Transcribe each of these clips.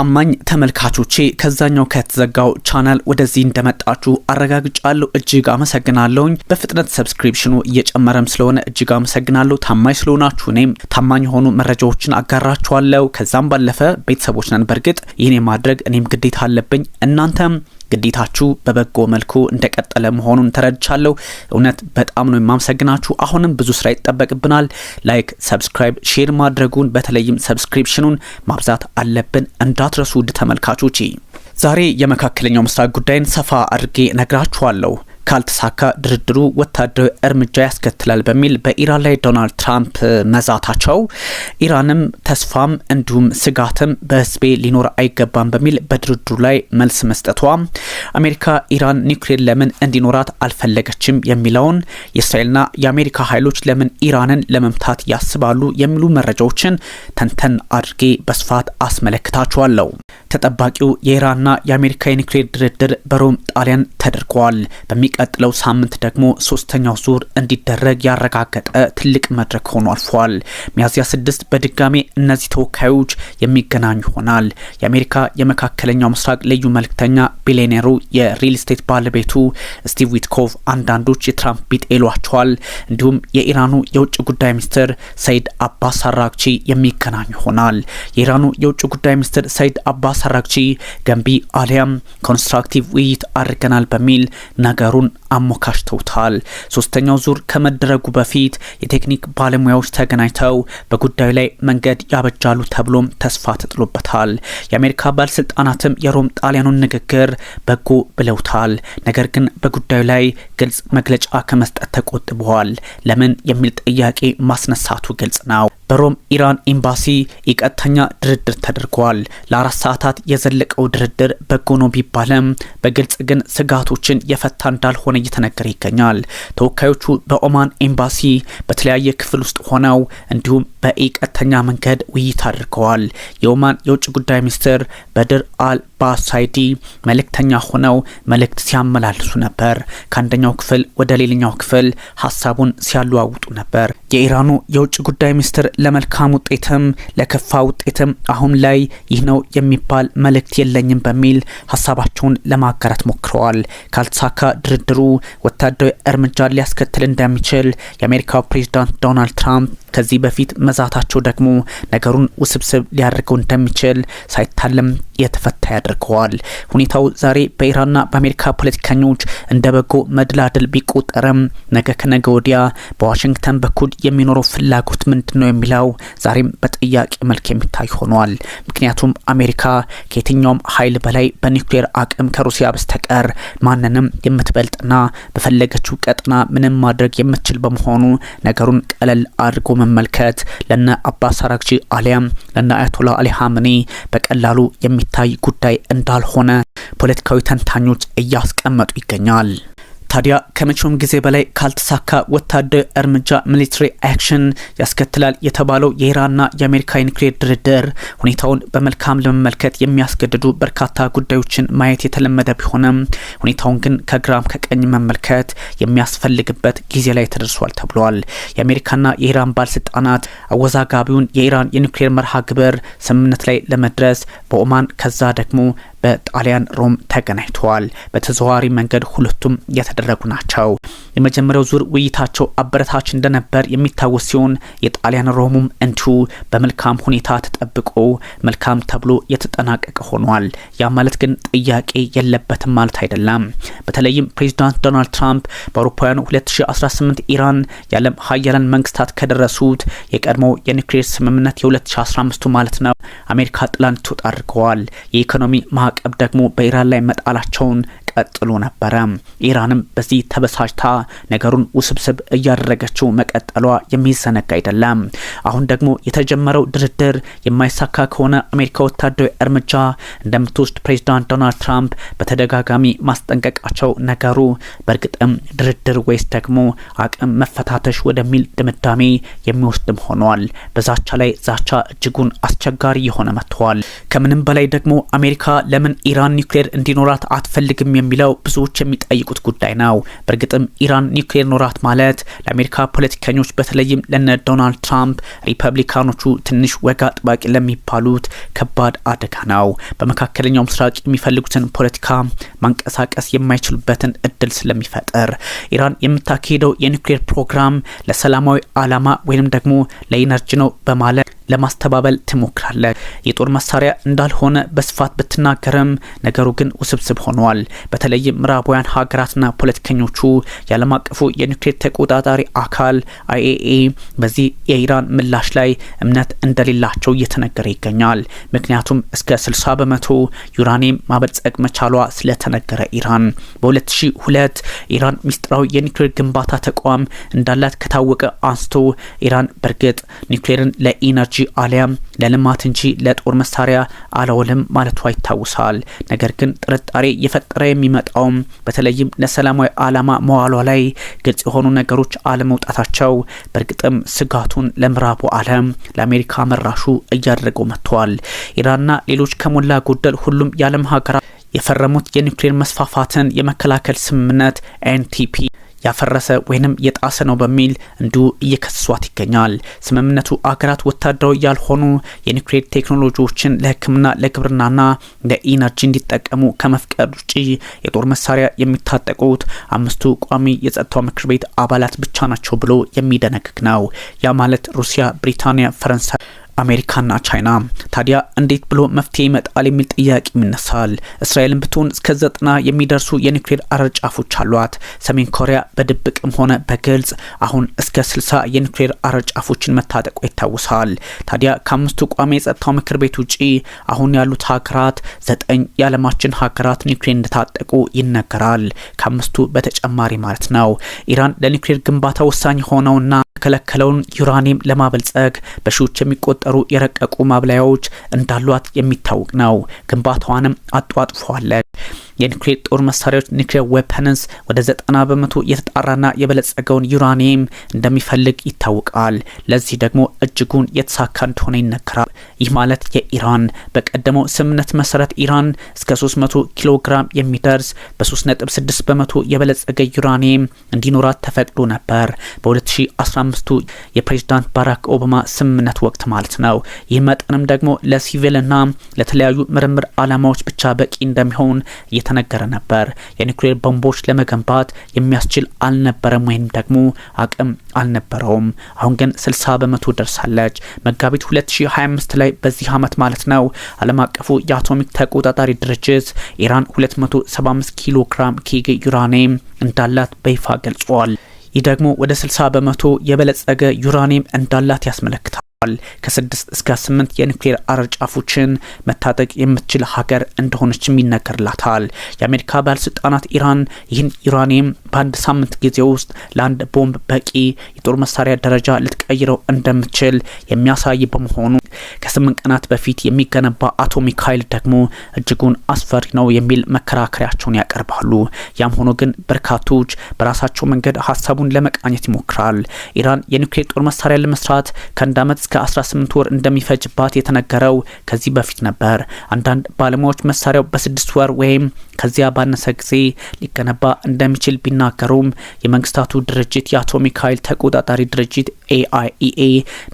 ታማኝ ተመልካቾቼ ከዛኛው ከተዘጋው ቻናል ወደዚህ እንደመጣችሁ አረጋግጫለሁ። እጅግ አመሰግናለሁኝ። በፍጥነት ሰብስክሪፕሽኑ እየጨመረም ስለሆነ እጅግ አመሰግናለሁ። ታማኝ ስለሆናችሁ እኔም ታማኝ የሆኑ መረጃዎችን አጋራችኋለሁ። ከዛም ባለፈ ቤተሰቦች ነን። በእርግጥ ይህን የማድረግ እኔም ግዴታ አለብኝ እናንተም ግዴታችሁ በበጎ መልኩ እንደቀጠለ መሆኑን ተረድቻለሁ። እውነት በጣም ነው የማመሰግናችሁ። አሁንም ብዙ ስራ ይጠበቅብናል። ላይክ፣ ሰብስክራይብ፣ ሼር ማድረጉን በተለይም ሰብስክሪፕሽኑን ማብዛት አለብን እንዳትረሱ ውድ ተመልካቾቼ። ዛሬ የመካከለኛው ምስራቅ ጉዳይን ሰፋ አድርጌ ነግራችኋለሁ። ካልተሳካ ድርድሩ ወታደራዊ እርምጃ ያስከትላል በሚል በኢራን ላይ ዶናልድ ትራምፕ መዛታቸው ኢራንም ተስፋም እንዲሁም ስጋትም በህዝቤ ሊኖር አይገባም በሚል በድርድሩ ላይ መልስ መስጠቷ አሜሪካ ኢራን ኒውክሌር ለምን እንዲኖራት አልፈለገችም የሚለውን የእስራኤልና የአሜሪካ ኃይሎች ለምን ኢራንን ለመምታት ያስባሉ የሚሉ መረጃዎችን ተንተን አድርጌ በስፋት አስመለክታችኋለሁ። ተጠባቂው የኢራንና የአሜሪካ የኒውክሌር ድርድር በሮም ጣሊያን ተደርጓል። በሚቀጥለው ሳምንት ደግሞ ሶስተኛው ዙር እንዲደረግ ያረጋገጠ ትልቅ መድረክ ሆኖ አልፏል። ሚያዝያ ስድስት በድጋሜ እነዚህ ተወካዮች የሚገናኙ ይሆናል። የአሜሪካ የመካከለኛው ምስራቅ ልዩ መልክተኛ ቢሊዮኔሩ የሪል ስቴት ባለቤቱ ስቲቭ ዊትኮቭ አንዳንዶች የትራምፕ ቢጤ ይሏቸዋል። እንዲሁም የኢራኑ የውጭ ጉዳይ ሚኒስትር ሰይድ አባስ አራግቺ የሚገናኙ ይሆናል። የኢራኑ የውጭ ጉዳይ ሚኒስትር ሰይድ አባስ አሳራግቺ ገንቢ አሊያም ኮንስትራክቲቭ ውይይት አድርገናል በሚል ነገሩን አሞካሽተውታል። ሶስተኛው ዙር ከመደረጉ በፊት የቴክኒክ ባለሙያዎች ተገናኝተው በጉዳዩ ላይ መንገድ ያበጃሉ ተብሎም ተስፋ ተጥሎበታል። የአሜሪካ ባለስልጣናትም የሮም ጣሊያኑን ንግግር በጎ ብለውታል። ነገር ግን በጉዳዩ ላይ ግልጽ መግለጫ ከመስጠት ተቆጥበዋል። ለምን የሚል ጥያቄ ማስነሳቱ ግልጽ ነው። በሮም ኢራን ኤምባሲ የቀጥተኛ ድርድር ተደርጓል። ለአራት ሰዓታት የዘለቀው ድርድር በጎ ነው ቢባልም በግልጽ ግን ስጋቶችን የፈታ እንዳልሆነ እየተነገረ ይገኛል። ተወካዮቹ በኦማን ኤምባሲ በተለያየ ክፍል ውስጥ ሆነው እንዲሁም በኢ ቀጥተኛ መንገድ ውይይት አድርገዋል። የኦማን የውጭ ጉዳይ ሚኒስትር በድር አል በአሳይዲ መልእክተኛ ሆነው መልእክት ሲያመላልሱ ነበር። ከአንደኛው ክፍል ወደ ሌላኛው ክፍል ሀሳቡን ሲያለዋውጡ ነበር። የኢራኑ የውጭ ጉዳይ ሚኒስትር ለመልካም ውጤትም ለከፋ ውጤትም አሁን ላይ ይህ ነው የሚባል መልእክት የለኝም በሚል ሀሳባቸውን ለማጋራት ሞክረዋል። ካልተሳካ ድርድሩ ወታደራዊ እርምጃ ሊያስከትል እንደሚችል የአሜሪካው ፕሬዚዳንት ዶናልድ ትራምፕ ከዚህ በፊት መዛታቸው ደግሞ ነገሩን ውስብስብ ሊያደርገው እንደሚችል ሳይታለም የተፈታ ያደርገዋል። ሁኔታው ዛሬ በኢራንና በአሜሪካ ፖለቲከኞች እንደ በጎ መድላድል ቢቆጠርም ነገ ከነገ ወዲያ በዋሽንግተን በኩል የሚኖረው ፍላጎት ምንድን ነው የሚለው ዛሬም በጥያቄ መልክ የሚታይ ሆኗል። ምክንያቱም አሜሪካ ከየትኛውም ኃይል በላይ በኒውክሌር አቅም ከሩሲያ በስተቀር ማንንም የምትበልጥና በፈለገችው ቀጥና ምንም ማድረግ የምትችል በመሆኑ ነገሩን ቀለል አድርጎ መመልከት ለነ አባ አራግቺ አሊያም ለነ አያቶላ አሊ ሀምኔ በቀላሉ የሚታይ ጉዳይ እንዳልሆነ ፖለቲካዊ ተንታኞች እያስቀመጡ ይገኛል። ታዲያ ከመቼውም ጊዜ በላይ ካልተሳካ ወታደር እርምጃ ሚሊትሪ አክሽን ያስከትላል የተባለው የኢራንና የአሜሪካ የኒክሌር ድርድር ሁኔታውን በመልካም ለመመልከት የሚያስገድዱ በርካታ ጉዳዮችን ማየት የተለመደ ቢሆንም ሁኔታውን ግን ከግራም ከቀኝ መመልከት የሚያስፈልግበት ጊዜ ላይ ተደርሷል ተብሏል። የአሜሪካና የኢራን ባለስልጣናት አወዛጋቢውን የኢራን የኒክሌር መርሃ ግብር ስምምነት ላይ ለመድረስ በኦማን ከዛ ደግሞ በጣሊያን ሮም ተገናኝተዋል። በተዘዋዋሪ መንገድ ሁለቱም እየተደረጉ ናቸው። የመጀመሪያው ዙር ውይይታቸው አበረታች እንደነበር የሚታወስ ሲሆን የጣሊያን ሮሙም እንዲሁ በመልካም ሁኔታ ተጠብቆ መልካም ተብሎ የተጠናቀቀ ሆኗል። ያ ማለት ግን ጥያቄ የለበትም ማለት አይደለም። በተለይም ፕሬዚዳንት ዶናልድ ትራምፕ በአውሮፓውያኑ 2018 ኢራን የዓለም ሀያላን መንግስታት ከደረሱት የቀድሞ የኒውክሌር ስምምነት የ2015ቱ ማለት ነው አሜሪካ ጥላን ትወጣ አድርገዋል። የኢኮኖሚ ማ ማዕቀብ ደግሞ በኢራን ላይ መጣላቸውን ቀጥሎ ነበረ። ኢራንም በዚህ ተበሳጭታ ነገሩን ውስብስብ እያደረገችው መቀጠሏ የሚዘነጋ አይደለም። አሁን ደግሞ የተጀመረው ድርድር የማይሳካ ከሆነ አሜሪካ ወታደራዊ እርምጃ እንደምትወስድ ፕሬዚዳንት ዶናልድ ትራምፕ በተደጋጋሚ ማስጠንቀቃቸው ነገሩ በእርግጥም ድርድር ወይስ ደግሞ አቅም መፈታተሽ ወደሚል ድምዳሜ የሚወስድም ሆኗል። በዛቻ ላይ ዛቻ እጅጉን አስቸጋሪ የሆነ መጥተዋል። ከምንም በላይ ደግሞ አሜሪካ ለምን ኢራን ኒውክሌር እንዲኖራት አትፈልግም የሚለው ብዙዎች የሚጠይቁት ጉዳይ ነው። በእርግጥም ኢራን ኒውክሌር ኖራት ማለት ለአሜሪካ ፖለቲከኞች በተለይም ለነ ዶናልድ ትራምፕ ሪፐብሊካኖቹ ትንሽ ወጋ ጥባቂ ለሚባሉት ከባድ አደጋ ነው። በመካከለኛው ምስራቅ የሚፈልጉትን ፖለቲካ ማንቀሳቀስ የማይችሉበትን እድል ስለሚፈጥር ኢራን የምታካሄደው የኒውክሌር ፕሮግራም ለሰላማዊ ዓላማ ወይንም ደግሞ ለኢነርጂ ነው በማለት ለማስተባበል ትሞክራለች። የጦር መሳሪያ እንዳልሆነ በስፋት ብትናገርም ነገሩ ግን ውስብስብ ሆኗል። በተለይም ምዕራባውያን ሀገራትና ፖለቲከኞቹ የዓለም አቀፉ የኒውክሌር ተቆጣጣሪ አካል አይኤኤ በዚህ የኢራን ምላሽ ላይ እምነት እንደሌላቸው እየተነገረ ይገኛል። ምክንያቱም እስከ 60 በመቶ ዩራኒየም ማበልጸግ መቻሏ ስለተነገረ ኢራን በ2002 ኢራን ሚስጥራዊ የኒውክሌር ግንባታ ተቋም እንዳላት ከታወቀ አንስቶ ኢራን በእርግጥ ኒውክሌርን ለኢነርጂ አሊያም ለልማት እንጂ ለጦር መሳሪያ አላውልም ማለቷ ይታወሳል። ነገር ግን ጥርጣሬ እየፈጠረ የሚመጣውም በተለይም ለሰላማዊ ዓላማ መዋሏ ላይ ግልጽ የሆኑ ነገሮች አለመውጣታቸው በእርግጥም ስጋቱን ለምዕራቡ ዓለም ለአሜሪካ መራሹ እያደረገው መጥቷል። ኢራንና ሌሎች ከሞላ ጎደል ሁሉም የዓለም ሀገራት የፈረሙት የኒውክሌር መስፋፋትን የመከላከል ስምምነት ኤንቲፒ ያፈረሰ ወይንም የጣሰ ነው በሚል እንዲሁ እየከሷት ይገኛል። ስምምነቱ አገራት ወታደራዊ ያልሆኑ የኒውክሌር ቴክኖሎጂዎችን ለሕክምና፣ ለግብርናና ለኢነርጂ እንዲጠቀሙ ከመፍቀድ ውጪ የጦር መሳሪያ የሚታጠቁት አምስቱ ቋሚ የጸጥታው ምክር ቤት አባላት ብቻ ናቸው ብሎ የሚደነግግ ነው። ያ ማለት ሩሲያ፣ ብሪታንያ፣ ፈረንሳይ አሜሪካና ቻይና። ታዲያ እንዴት ብሎ መፍትሄ ይመጣል የሚል ጥያቄ ይነሳል። እስራኤልን ብትሆን እስከ ዘጠና የሚደርሱ የኒውክሌር አረር ጫፎች አሏት። ሰሜን ኮሪያ በድብቅም ሆነ በግልጽ አሁን እስከ ስልሳ የኒውክሌር አረር ጫፎችን መታጠቁ ይታወሳል። ታዲያ ከአምስቱ ቋሚ የጸጥታው ምክር ቤት ውጪ አሁን ያሉት ሀገራት ዘጠኝ የዓለማችን ሀገራት ኒውክሌር እንደታጠቁ ይነገራል። ከአምስቱ በተጨማሪ ማለት ነው ኢራን ለኒውክሌር ግንባታ ወሳኝ ሆነውና የተከለከለውን ዩራኒየም ለማበልጸግ በሺዎች የሚቆጠሩ የረቀቁ ማብላያዎች እንዳሏት የሚታወቅ ነው። ግንባታዋንም አጧጥፏለች። የኒክሌር ጦር መሳሪያዎች ኒክሌር ዌፐንስ ወደ ዘጠና በመቶ የተጣራና የበለጸገውን ዩራኒየም እንደሚፈልግ ይታወቃል። ለዚህ ደግሞ እጅጉን የተሳካ እንደሆነ ይነገራል። ይህ ማለት የኢራን በቀደመው ስምምነት መሰረት ኢራን እስከ 300 ኪሎ ግራም የሚደርስ በ3.6 በመቶ የበለጸገ ዩራኒየም እንዲኖራት ተፈቅዶ ነበር በ 2015 የፕሬዚዳንት ባራክ ኦባማ ስምምነት ወቅት ማለት ነው። ይህ መጠንም ደግሞ ለሲቪልና ለተለያዩ ምርምር ዓላማዎች ብቻ በቂ እንደሚሆን እየተነገረ ነበር። የኒውክሌር ቦምቦች ለመገንባት የሚያስችል አልነበረም ወይም ደግሞ አቅም አልነበረውም። አሁን ግን 60 በመቶ ደርሳለች። መጋቢት 2025 ላይ በዚህ ዓመት ማለት ነው ዓለም አቀፉ የአቶሚክ ተቆጣጣሪ ድርጅት ኢራን 275 ኪሎ ግራም ኪግ ዩራኒየም እንዳላት በይፋ ገልጿል። ይህ ደግሞ ወደ 60 በመቶ የበለጸገ ዩራኒየም እንዳላት ያስመለክታል። ተናግረዋል። ከስድስት እስከ ስምንት የኒውክሌር አረጫፎችን መታጠቅ የምትችል ሀገር እንደሆነችም ይነገርላታል። የአሜሪካ ባለስልጣናት ኢራን ይህን ዩራኒየም በአንድ ሳምንት ጊዜ ውስጥ ለአንድ ቦምብ በቂ የጦር መሳሪያ ደረጃ ልትቀይረው እንደምትችል የሚያሳይ በመሆኑ ከስምንት ቀናት በፊት የሚገነባ አቶ ሚካኤል ደግሞ እጅጉን አስፈሪ ነው የሚል መከራከሪያቸውን ያቀርባሉ። ያም ሆኖ ግን በርካቶች በራሳቸው መንገድ ሀሳቡን ለመቃኘት ይሞክራል። ኢራን የኒውክሌር ጦር መሳሪያ ለመስራት ከአንድ ዓመት እስከ 18 ወር እንደሚፈጅባት የተነገረው ከዚህ በፊት ነበር። አንዳንድ ባለሙያዎች መሳሪያው በስድስት ወር ወይም ከዚያ ባነሰ ጊዜ ሊገነባ እንደሚችል ቢናገሩም የመንግስታቱ ድርጅት የአቶ ሚካኤል ተቆጣጣሪ ድርጅት ኤአይኢኤ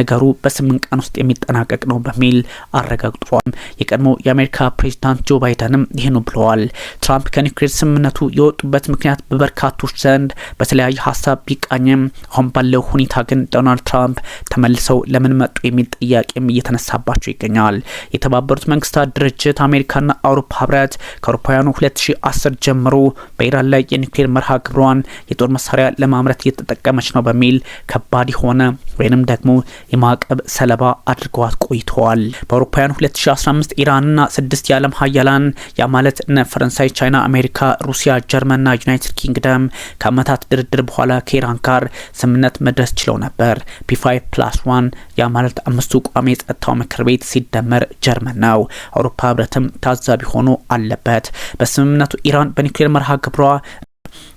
ነገሩ በስምንት ቀን ውስጥ የሚጠናቀቅ ነው በሚል አረጋግጧል። የቀድሞው የአሜሪካ ፕሬዚዳንት ጆ ባይደንም ይህኑ ብለዋል። ትራምፕ ከኒውክሌር ስምምነቱ የወጡበት ምክንያት በበርካቶች ዘንድ በተለያየ ሀሳብ ቢቃኝም አሁን ባለው ሁኔታ ግን ዶናልድ ትራምፕ ተመልሰው ለምን መጡ የሚል ጥያቄም እየተነሳባቸው ይገኛል። የተባበሩት መንግስታት ድርጅት አሜሪካና አውሮፓ ህብረት ከአውሮፓውያኑ 2010 ጀምሮ በኢራን ላይ የኒውክሌር መርሃ ግብሯን የጦር መሳሪያ ለማምረት እየተጠቀመች ነው በሚል ከባድ የሆነ ወይንም ደግሞ የማዕቀብ ሰለባ አድርገዋት ቆይቷል። ተገኝተዋል። በአውሮፓውያን 2015 ኢራንና ስድስት የዓለም ሀያላን ያ ማለት እነ ፈረንሳይ፣ ቻይና፣ አሜሪካ፣ ሩሲያ፣ ጀርመንና ዩናይትድ ኪንግደም ከአመታት ድርድር በኋላ ከኢራን ጋር ስምምነት መድረስ ችለው ነበር። ፒ5 ፕላስ ዋን ያ ማለት አምስቱ ቋሚ የጸጥታው ምክር ቤት ሲደመር ጀርመን ነው። አውሮፓ ህብረትም ታዛቢ ሆኖ አለበት። በስምምነቱ ኢራን በኒውክሌር መርሃ ግብሯ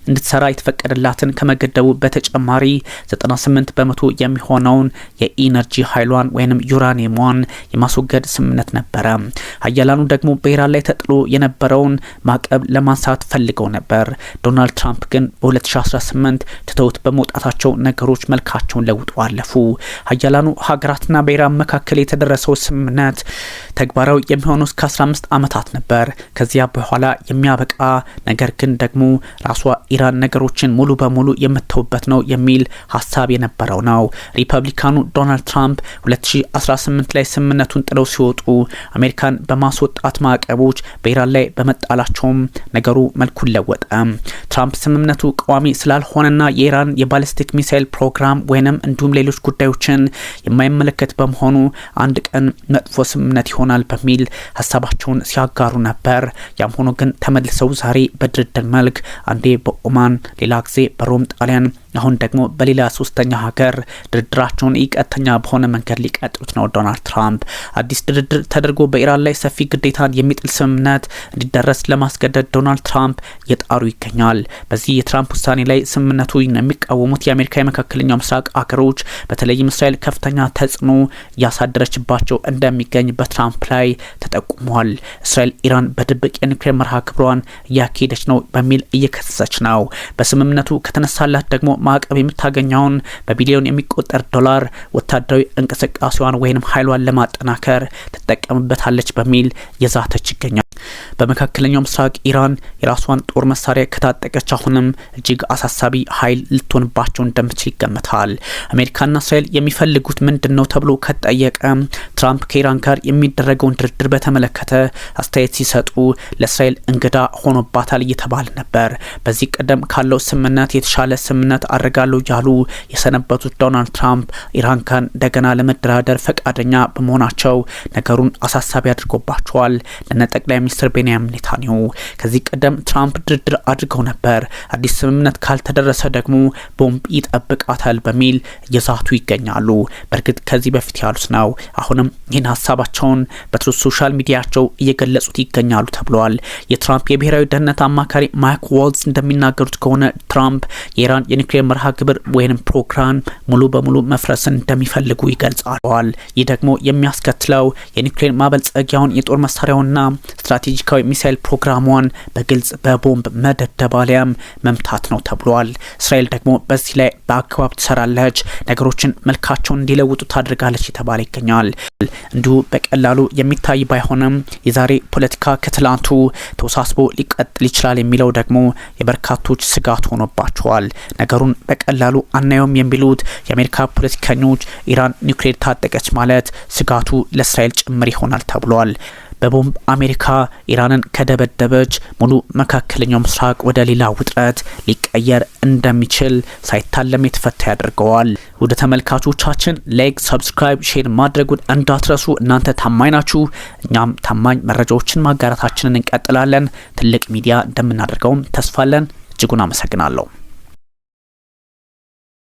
እንድትሰራ የተፈቀደላትን ከመገደቡ በተጨማሪ 98 በመቶ የሚሆነውን የኢነርጂ ኃይሏን ወይም ዩራኒየሟን የማስወገድ ስምምነት ነበረ። ሀያላኑ ደግሞ በኢራን ላይ ተጥሎ የነበረውን ማዕቀብ ለማንሳት ፈልገው ነበር። ዶናልድ ትራምፕ ግን በ2018 ትተውት በመውጣታቸው ነገሮች መልካቸውን ለውጡ አለፉ። ሀያላኑ ሀገራትና በኢራን መካከል የተደረሰው ስምምነት ተግባራዊ የሚሆነው እስከ 15 ዓመታት ነበር። ከዚያ በኋላ የሚያበቃ ነገር ግን ደግሞ ራሷ ኢራን ነገሮችን ሙሉ በሙሉ የምትተውበት ነው የሚል ሀሳብ የነበረው ነው። ሪፐብሊካኑ ዶናልድ ትራምፕ 2018 ላይ ስምምነቱን ጥለው ሲወጡ አሜሪካን በማስወጣት ማዕቀቦች በኢራን ላይ በመጣላቸውም ነገሩ መልኩን ለወጠ። ትራምፕ ስምምነቱ ቋሚ ስላልሆነና የኢራን የባሊስቲክ ሚሳይል ፕሮግራም ወይንም እንዲሁም ሌሎች ጉዳዮችን የማይመለከት በመሆኑ አንድ ቀን መጥፎ ስምምነት ይሆናል በሚል ሀሳባቸውን ሲያጋሩ ነበር። ያም ሆኖ ግን ተመልሰው ዛሬ በድርድር መልክ አንዴ ኦማን፣ ሌላ ጊዜ በሮም ጣሊያን አሁን ደግሞ በሌላ ሶስተኛ ሀገር ድርድራቸውን ኢቀጥተኛ በሆነ መንገድ ሊቀጥሉት ነው ዶናልድ ትራምፕ። አዲስ ድርድር ተደርጎ በኢራን ላይ ሰፊ ግዴታን የሚጥል ስምምነት እንዲደረስ ለማስገደድ ዶናልድ ትራምፕ እየጣሩ ይገኛል። በዚህ የትራምፕ ውሳኔ ላይ ስምምነቱ የሚቃወሙት የአሜሪካ የመካከለኛው ምስራቅ አገሮች በተለይም እስራኤል ከፍተኛ ተጽዕኖ እያሳደረችባቸው እንደሚገኝ በትራምፕ ላይ ተጠቁሟል። እስራኤል ኢራን በድብቅ የኒውክሌር መርሃ ግብሯን እያካሄደች ነው በሚል እየከሰሰች ነው። በስምምነቱ ከተነሳላት ደግሞ ማዕቀብ የምታገኘውን በቢሊዮን የሚቆጠር ዶላር ወታደራዊ እንቅስቃሴዋን ወይንም ኃይሏን ለማጠናከር ትጠቀምበታለች በሚል የዛተች ይገኛል። በመካከለኛው ምስራቅ ኢራን የራሷን ጦር መሳሪያ ከታጠቀች አሁንም እጅግ አሳሳቢ ኃይል ልትሆንባቸው እንደምትችል ይገመታል። አሜሪካና እስራኤል የሚፈልጉት ምንድን ነው ተብሎ ከጠየቀ ትራምፕ ከኢራን ጋር የሚደረገውን ድርድር በተመለከተ አስተያየት ሲሰጡ ለእስራኤል እንግዳ ሆኖባታል እየተባለ ነበር። በዚህ ቀደም ካለው ስምምነት የተሻለ ስምምነት አድርጋለሁ ያሉ የሰነበቱት ዶናልድ ትራምፕ ኢራን ጋር እንደገና ለመደራደር ፈቃደኛ በመሆናቸው ነገሩን አሳሳቢ አድርጎባቸዋል። ለነ ጠቅላይ ሚኒስትር ቤንያሚን ኔታንያሁ ከዚህ ቀደም ትራምፕ ድርድር አድርገው ነበር። አዲስ ስምምነት ካልተደረሰ ደግሞ ቦምብ ይጠብቃታል በሚል እየዛቱ ይገኛሉ። በእርግጥ ከዚህ በፊት ያሉት ነው። አሁንም ይህን ሀሳባቸውን በትሩዝ ሶሻል ሚዲያቸው እየገለጹት ይገኛሉ ተብሏል። የትራምፕ የብሔራዊ ደህንነት አማካሪ ማይክ ዋልዝ እንደሚናገሩት ከሆነ ትራምፕ የኢራን የኒክሌር መርሃ ግብር ወይም ፕሮግራም ሙሉ በሙሉ መፍረስን እንደሚፈልጉ ይገልጻል። ይህ ደግሞ የሚያስከትለው የኒክሌር ማበልጸጊያውን የጦር መሳሪያውና ስትራቴጂካ ታክቲካዊ ሚሳይል ፕሮግራሟን በግልጽ በቦምብ መደብደባሊያም መምታት ነው ተብሏል። እስራኤል ደግሞ በዚህ ላይ በአግባብ ትሰራለች፣ ነገሮችን መልካቸውን እንዲለውጡ ታደርጋለች የተባለ ይገኛል። እንዲሁ በቀላሉ የሚታይ ባይሆንም የዛሬ ፖለቲካ ከትላንቱ ተወሳስቦ ሊቀጥል ይችላል የሚለው ደግሞ የበርካቶች ስጋት ሆኖባቸዋል። ነገሩን በቀላሉ አናየውም የሚሉት የአሜሪካ ፖለቲከኞች ኢራን ኒውክሌር ታጠቀች ማለት ስጋቱ ለእስራኤል ጭምር ይሆናል ተብሏል። በቦምብ አሜሪካ ኢራንን ከደበደበች ሙሉ መካከለኛው ምስራቅ ወደ ሌላ ውጥረት ሊቀየር እንደሚችል ሳይታለም የተፈታ ያደርገዋል። ወደ ተመልካቾቻችን ላይክ፣ ሰብስክራይብ፣ ሼር ማድረጉን እንዳትረሱ። እናንተ ታማኝ ናችሁ፣ እኛም ታማኝ መረጃዎችን ማጋራታችንን እንቀጥላለን። ትልቅ ሚዲያ እንደምናደርገውም ተስፋለን። እጅጉን አመሰግናለሁ።